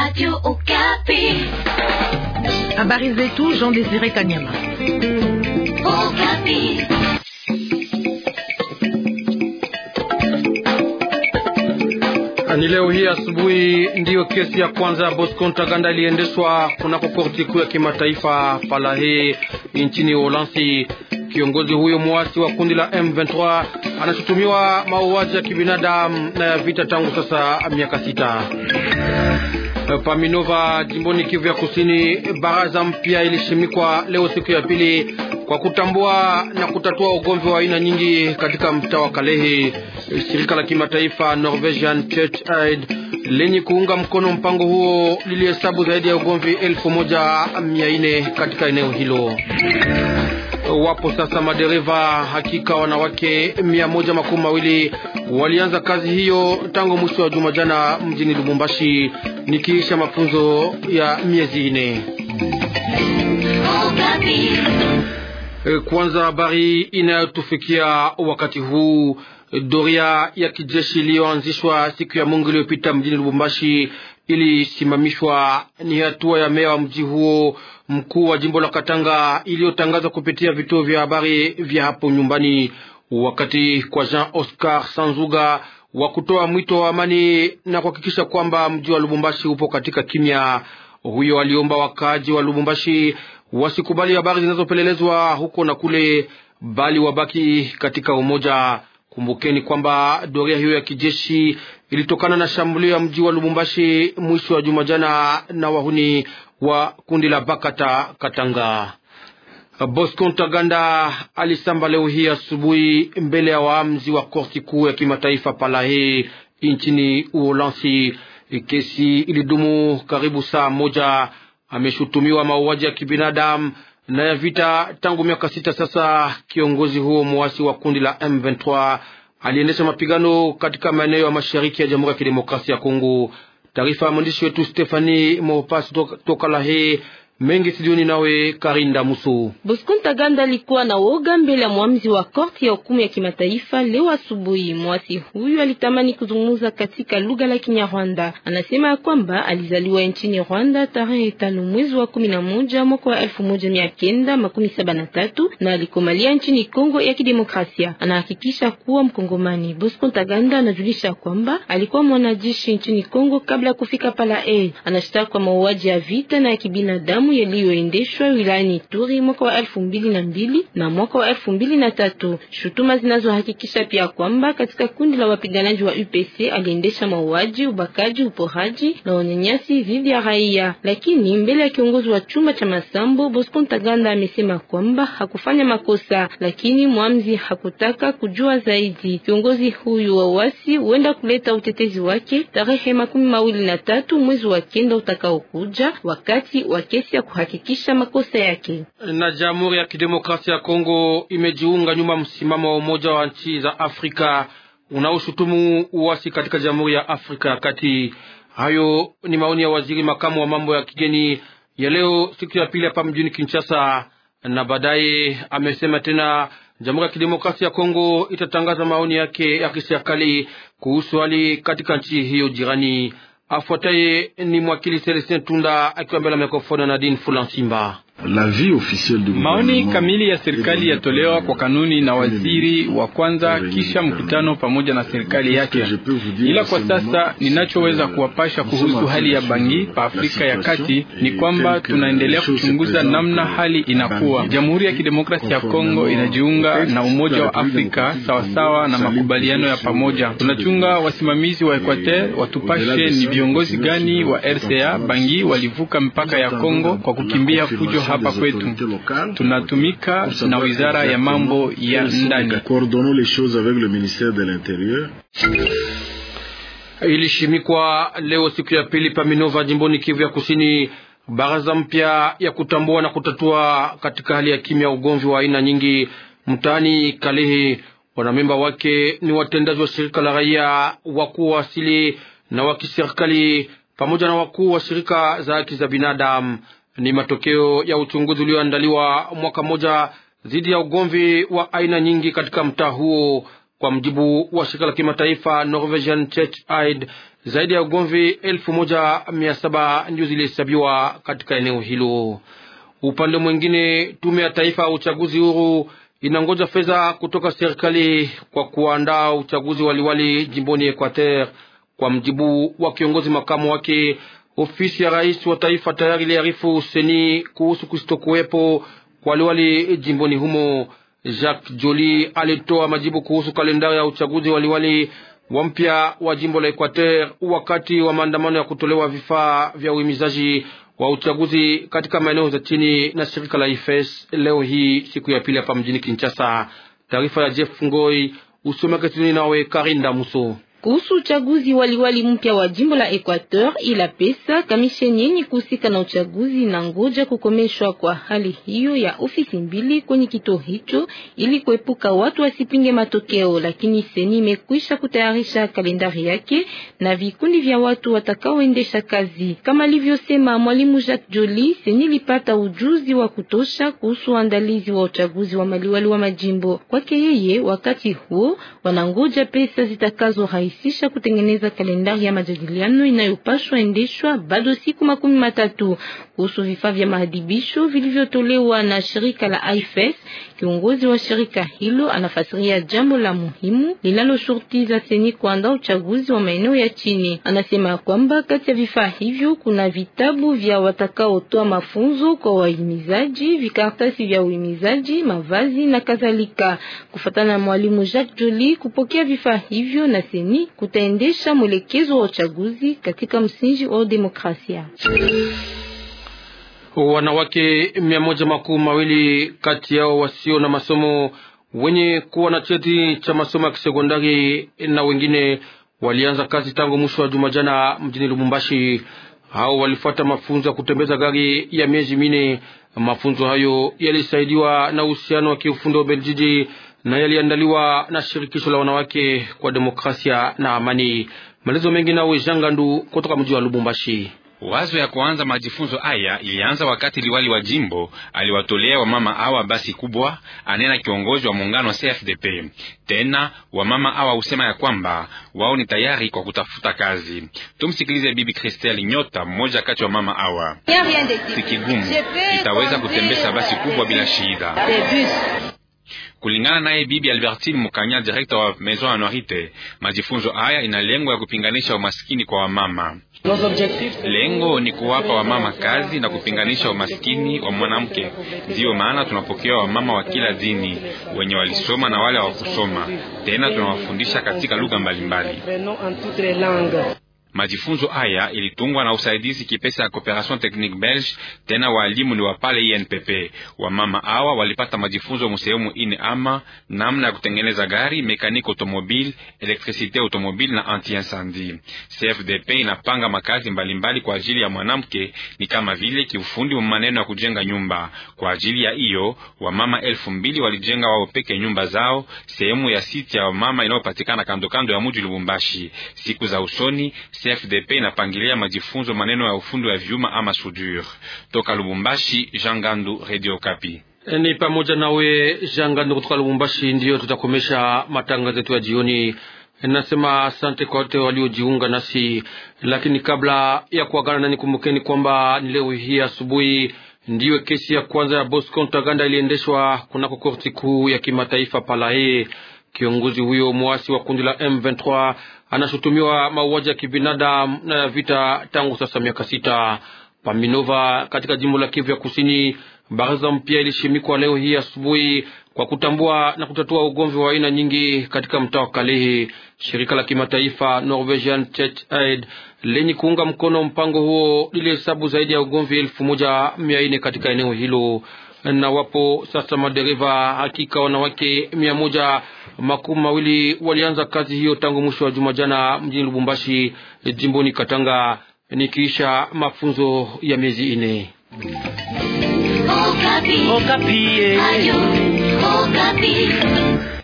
Radio Okapi. Habari zetu Jean Desire Kanyama. Okapi. Ni leo hii asubuhi ndiyo kesi ya kwanza ya Bosco Ntaganda iliendeshwa kunako korti kuu ya kimataifa Palahe nchini Uholanzi. Kiongozi huyo mwasi wa kundi la M23 anashutumiwa mauaji ya kibinadamu na ya vita tangu sasa miaka sita. Eh, Paminova jimboni Kivu ya Kusini, baraza mpya ilishimikwa leo siku ya pili kwa kutambua na kutatua ugomvi wa aina nyingi katika mtaa wa Kalehe. Eh, shirika la kimataifa Norwegian Church Aid lenye kuunga mkono mpango huo lilihesabu zaidi ya ugomvi elfu moja mia nne katika eneo hilo. Eh, wapo sasa madereva hakika wanawake mia moja makumi mawili walianza kazi hiyo tangu mwisho wa juma jana mjini Lubumbashi nikiisha mafunzo ya miezi ine eh, Kwanza habari inayotufikia wakati huu. Doria ya kijeshi iliyoanzishwa siku ya Mungu iliyopita mjini Lubumbashi ilisimamishwa. Ni hatua ya meya wa mji huo mkuu wa jimbo la Katanga iliyotangazwa kupitia vituo vya habari vya hapo nyumbani, wakati kwa Jean Oscar Sanzuga wa kutoa mwito wa amani na kuhakikisha kwamba mji wa Lubumbashi upo katika kimya. Huyo aliomba wakaaji wa Lubumbashi wasikubali habari zinazopelelezwa huko na kule, bali wabaki katika umoja. Kumbukeni kwamba doria hiyo ya kijeshi ilitokana na shambulio ya mji wa Lubumbashi mwisho wa juma jana na wahuni wa kundi la Bakata Katanga. Bosco Ntaganda alisamba leo hii asubuhi mbele ya waamzi wa korti kuu ya kimataifa Palahe nchini Uholansi. Kesi ilidumu karibu saa moja. Ameshutumiwa mauaji ya kibinadamu na ya vita tangu miaka sita sasa. Kiongozi huo mwasi wa kundi la M23 aliendesha mapigano katika maeneo ya mashariki ya Jamhuri ya Kidemokrasia ya Kongo. Taarifa ya mwandishi wetu Stefani Mopas toka Lahe mengi studioni nawe Karinda Muso. Bosco Ntaganda alikuwa na woga mbele ya mwamzi wa korti ya hukumu ya kimataifa leo asubuhi. Mwasi huyu alitamani kuzungumza katika lugha la Kinyarwanda. Anasema ya kwamba alizaliwa nchini Rwanda tarehe tano mwezi wa kumi na moja mwaka wa elfu moja mia kenda makumi saba na tatu na alikomalia nchini Kongo ya Kidemokrasia. Anahakikisha kuwa Mkongomani. Bosco Ntaganda anajulisha kwamba alikuwa mwanajeshi nchini Kongo kabla ya kufika pala e. Anashtakwa mauaji ya vita na ya kibinadamu programu yaliyoendeshwa wilayani Ituri mwaka wa elfu mbili na mbili na mwaka wa elfu mbili na tatu. Shutuma zinazohakikisha pia kwamba katika kundi la wapiganaji wa UPC aliendesha mauaji, ubakaji, uporaji na unyanyasi dhidi ya raia. Lakini mbele ya kiongozi wa chumba cha masambo Bosco Ntaganda amesema kwamba hakufanya makosa, lakini mwamzi hakutaka kujua zaidi. Kiongozi huyu wa wasi huenda kuleta utetezi wake tarehe makumi mawili na tatu mwezi wa kenda utakaokuja wakati wa kesi ya kuhakikisha makosa yake. Na Jamhuri ya Kidemokrasia ya Kongo imejiunga nyuma msimamo wa Umoja wa Nchi za Afrika unaoshutumu uasi katika Jamhuri ya Afrika ya Kati. Hayo ni maoni ya waziri makamu wa mambo ya kigeni ya leo siku ya pili hapa mjini Kinshasa, na baadaye amesema tena Jamhuri ya Kidemokrasia ya Kongo itatangaza maoni yake ya kiserikali kuhusu hali katika nchi hiyo jirani. Afuataye ni mwakili Celestin Tunda akiwa mbele ya mikrofoni na Nadine Fulansimba. Maoni kamili ya serikali yatolewa kwa kanuni na waziri wa kwanza kisha mkutano pamoja na serikali yake. Ila kwa sasa ninachoweza kuwapasha kuhusu hali ya bangi pa Afrika ya Kati ni kwamba tunaendelea kuchunguza namna hali inakuwa. Jamhuri ya Kidemokrasia ya Kongo inajiunga na Umoja wa Afrika sawasawa na makubaliano ya pamoja. Tunachunga wasimamizi wa Equateur watupashe ni viongozi gani wa RCA bangi walivuka mpaka ya Kongo kwa kukimbia fujo hapa kwetu. Tunatumika na wizara ya mambo ya ndani ilishimikwa leo siku ya pili pa Minova jimboni Kivu ya Kusini, baraza mpya ya kutambua na kutatua katika hali ya kimya ugomvi wa aina nyingi mtaani Kalehe. Wanamemba wake ni watendaji wa shirika la raia, wakuu wa asili na wa kiserikali, pamoja na wakuu wa shirika za haki za binadamu ni matokeo ya uchunguzi ulioandaliwa mwaka mmoja dhidi ya ugomvi wa aina nyingi katika mtaa huo. Kwa mjibu wa shirika la kimataifa Norwegian Church Aid, zaidi ya ugomvi elfu moja mia saba ndio zilihesabiwa katika eneo hilo. Upande mwingine, tume ya taifa ya uchaguzi huru inangoja fedha kutoka serikali kwa kuandaa uchaguzi waliwali jimboni Equateur. Kwa mjibu wa kiongozi makamu wake Ofisi ya rais wa taifa tayari iliarifu useni kuhusu kusitokuwepo kwa liwali jimboni humo. Jacques Joli alitoa majibu kuhusu kalendari ya uchaguzi wa liwali wa mpya wa jimbo la Equateur wakati wa maandamano ya kutolewa vifaa vya uhimizaji wa uchaguzi katika maeneo za chini na shirika la IFES leo hii siku ya pili hapa mjini Kinshasa. Taarifa ya Jeff Ngoi usomeke nawe Karinda Muso. Kuhusu uchaguzi waliwali mpya wa jimbo la Equateur ila pesa kamisheni yenye kuhusika na uchaguzi na ngoja kukomeshwa kwa hali hiyo ya ofisi mbili kwenye kituo hicho ili kuepuka watu wasipinge matokeo, lakini seni imekwisha kutayarisha kalendari yake na vikundi vya watu watakaoendesha kazi. Kama alivyosema mwalimu Jacques Joly, seni lipata ujuzi wa kutosha kuhusu uandalizi wa uchaguzi wa maliwali wa majimbo. Kwake yeye, wakati huo wanangoja pesa zitakazo kurahisisha kutengeneza kalendari ya majadiliano inayopashwa endeshwa bado siku makumi matatu. Kuhusu vifaa vya maadhibisho vilivyotolewa na shirika la IFES. kiongozi wa shirika hilo anafasiria jambo la muhimu linaloshurutiza seni kuandaa uchaguzi wa maeneo ya chini. Anasema kwamba kati ya vifaa hivyo kuna vitabu vya watakaotoa mafunzo kwa wahimizaji, vikaratasi vya uhimizaji, mavazi na kadhalika. Kufuatana na mwalimu Jacques Joly, kupokea vifaa hivyo na seni Kisangani kutaendesha mwelekezo wa uchaguzi katika msingi wa demokrasia. Wanawake mia moja makumi mawili kati yao wasio na masomo wenye kuwa na cheti cha masomo ya kisekondari na wengine walianza kazi tangu mwisho wa juma jana mjini Lubumbashi. Hao walifuata mafunzo ya kutembeza gari ya miezi mine. Mafunzo hayo yalisaidiwa na uhusiano wa kiufundi wa Beljiji na yaliandaliwa na shirikisho la wanawake kwa demokrasia na amani. Maelezo mengi nawe Jangandu kutoka mji wa Lubumbashi. Wazo ya kuanza majifunzo haya ilianza wakati liwali wa jimbo aliwatolea wamama awa basi kubwa, anena kiongozi wa muungano wa CFDP. Tena wamama awa husema ya kwamba wao ni tayari kwa kutafuta kazi. Tumsikilize Bibi Christelle Nyota, mmoja kati wa mama awa. Si kigumu, itaweza kutembeza basi kubwa bila shida Kulingana naye Bibi Albertine Mukanya, direkta wa Maison norite majifunzo haya ina lengo ya kupinganisha umaskini kwa wamama. Lengo ni kuwapa wamama kazi na kupinganisha umaskini wa mwanamke. Ndiyo maana tunapokea wamama wa kila dini, wenye walisoma na wale hawakusoma, tena tunawafundisha katika lugha mbalimbali. Majifunzo haya ilitungwa na usaidizi kipesa ya Cooperation Technique Belge, tena walimu ni wa pale INPP. Wamama hawa walipata majifunzo msehemu ine ama namna ya kutengeneza gari, mekaniki automobile, elektrisite automobile na anti incendie. CFDP inapanga makazi mbalimbali mbali kwa ajili ya mwanamke, ni kama vile kiufundi wa maneno ya kujenga nyumba. Kwa ajili ya hiyo wamama elfu mbili walijenga wao peke nyumba zao sehemu ya siti ya wamama inayopatikana kandokando ya muji Lubumbashi. Siku za usoni CFDP inapangilia majifunzo maneno ya ufundi wa vyuma ama soudure. Toka Lubumbashi, Jean Gandu, Radio Kapi. Eh, ni pamoja nawe Jean Gandu kutoka Lubumbashi. Ndiyo tutakomesha matangazo yetu ya jioni. Eh, nasema asante kwa wote waliojiunga nasi, lakini kabla ya kuagana nani, kumbukeni kwamba ni leo hii asubuhi ndiyo kesi ya kwanza ya Bosco Ntaganda iliendeshwa kunako korti kuu ya kimataifa Palae. Kiongozi huyo mwasi wa kundi la M23 anashutumiwa mauaji ya kibinadamu na ya vita tangu sasa miaka sita. Paminova katika jimbo la Kivu ya Kusini, baraza mpya ilishimikwa leo hii asubuhi kwa kutambua na kutatua ugomvi wa aina nyingi katika mtaa wa Kalehe. Shirika la kimataifa Norwegian Church Aid lenye kuunga mkono mpango huo lilihesabu zaidi ya ugomvi elfu moja mia nne katika eneo hilo na wapo sasa madereva hakika wanawake mia moja makumi mawili walianza kazi hiyo tangu mwisho wa juma jana mjini Lubumbashi, jimboni Katanga, nikiisha mafunzo ya miezi ine. Okapi. Okapi. Eh. Ayu, Okapi.